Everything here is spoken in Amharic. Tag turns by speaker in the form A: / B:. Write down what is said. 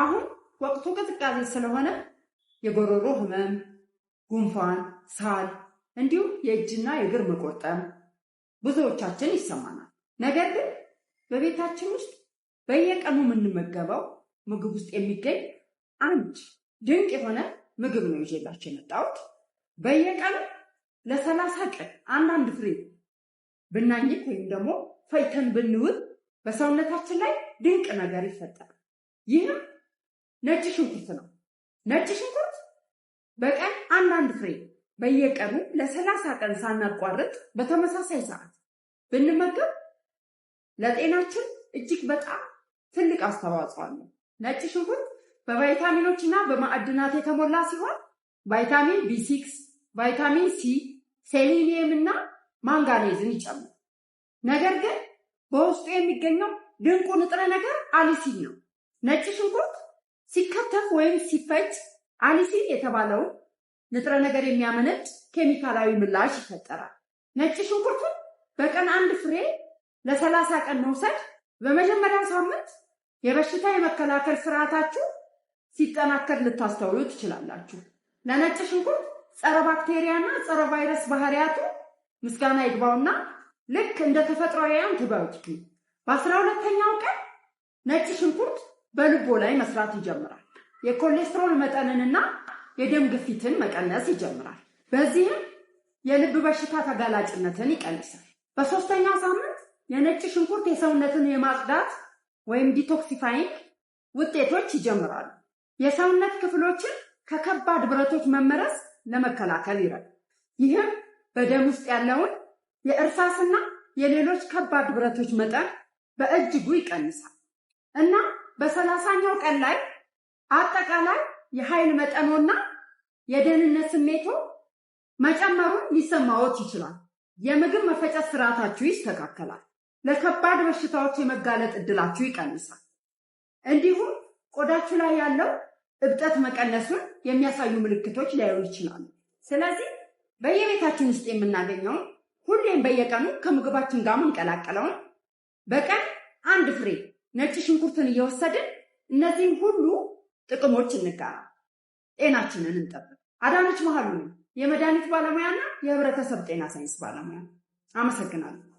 A: አሁን ወቅቱ ቅዝቃዜ ስለሆነ የጎሮሮ ህመም፣ ጉንፋን፣ ሳል እንዲሁም የእጅና የእግር መቆጠም ብዙዎቻችን ይሰማናል። ነገር ግን በቤታችን ውስጥ በየቀኑ የምንመገበው ምግብ ውስጥ የሚገኝ አንድ ድንቅ የሆነ ምግብ ነው ይዤላችሁ የመጣሁት። በየቀኑ ለሰላሳ ቀን አንዳንድ ፍሬ ብናኝክ ወይም ደግሞ ፈይተን ብንውል በሰውነታችን ላይ ድንቅ ነገር ይፈጠራል። ይህም ነጭ ሽንኩርት ነው። ነጭ ሽንኩርት በቀን አንዳንድ ፍሬ በየቀኑ ለሰላሳ ቀን ሳናቋርጥ በተመሳሳይ ሰዓት ብንመገብ ለጤናችን እጅግ በጣም ትልቅ አስተዋጽኦ አለው። ነጭ ሽንኩርት በቫይታሚኖች እና በማዕድናት የተሞላ ሲሆን ቫይታሚን ቢ6፣ ቫይታሚን ሲ፣ ሴሊኒየም እና ማንጋኔዝን ይጨምራል። ነገር ግን በውስጡ የሚገኘው ድንቁ ንጥረ ነገር አሊሲን ነው። ነጭ ሽንኩርት ሲከተፍ ወይም ሲፈጭ አሊሲን የተባለው ንጥረ ነገር የሚያመነጭ ኬሚካላዊ ምላሽ ይፈጠራል። ነጭ ሽንኩርቱን በቀን አንድ ፍሬ ለሰላሳ ቀን መውሰድ በመጀመሪያው ሳምንት የበሽታ የመከላከል ስርዓታችሁ ሲጠናከር ልታስተውሉ ትችላላችሁ። ለነጭ ሽንኩርት ጸረ ባክቴሪያና ጸረ ቫይረስ ባህሪያቱ ምስጋና ይግባውና ልክ እንደ ተፈጥሯዊያን ትበውጭ። በአስራ ሁለተኛው ቀን ነጭ ሽንኩርት በልቦ ላይ መስራት ይጀምራል። የኮሌስትሮል መጠንንና የደም ግፊትን መቀነስ ይጀምራል። በዚህም የልብ በሽታ ተጋላጭነትን ይቀንሳል። በሶስተኛው ሳምንት የነጭ ሽንኩርት የሰውነትን የማጽዳት ወይም ዲቶክሲፋይንግ ውጤቶች ይጀምራሉ። የሰውነት ክፍሎችን ከከባድ ብረቶች መመረዝ ለመከላከል ይረዳል። ይህም በደም ውስጥ ያለውን የእርሳስና የሌሎች ከባድ ብረቶች መጠን በእጅጉ ይቀንሳል እና በሰላሳኛው ቀን ላይ አጠቃላይ የኃይል መጠኖና የደህንነት ስሜቶ መጨመሩን ሊሰማዎት ይችላል። የምግብ መፈጨት ስርዓታችሁ ይስተካከላል። ለከባድ በሽታዎች የመጋለጥ እድላችሁ ይቀንሳል። እንዲሁም ቆዳችሁ ላይ ያለው እብጠት መቀነሱን የሚያሳዩ ምልክቶች ሊያዩ ይችላሉ። ስለዚህ በየቤታችን ውስጥ የምናገኘውን ሁሌም በየቀኑ ከምግባችን ጋር የምንቀላቀለውን በቀን አንድ ፍሬ ነጭ ሽንኩርትን እየወሰድን እነዚህም ሁሉ ጥቅሞች እንጋራ፣ ጤናችንን እንጠብቅ። አዳነች መሀሉ የመድኃኒት ባለሙያና የህብረተሰብ ጤና ሳይንስ ባለሙያ። አመሰግናለሁ።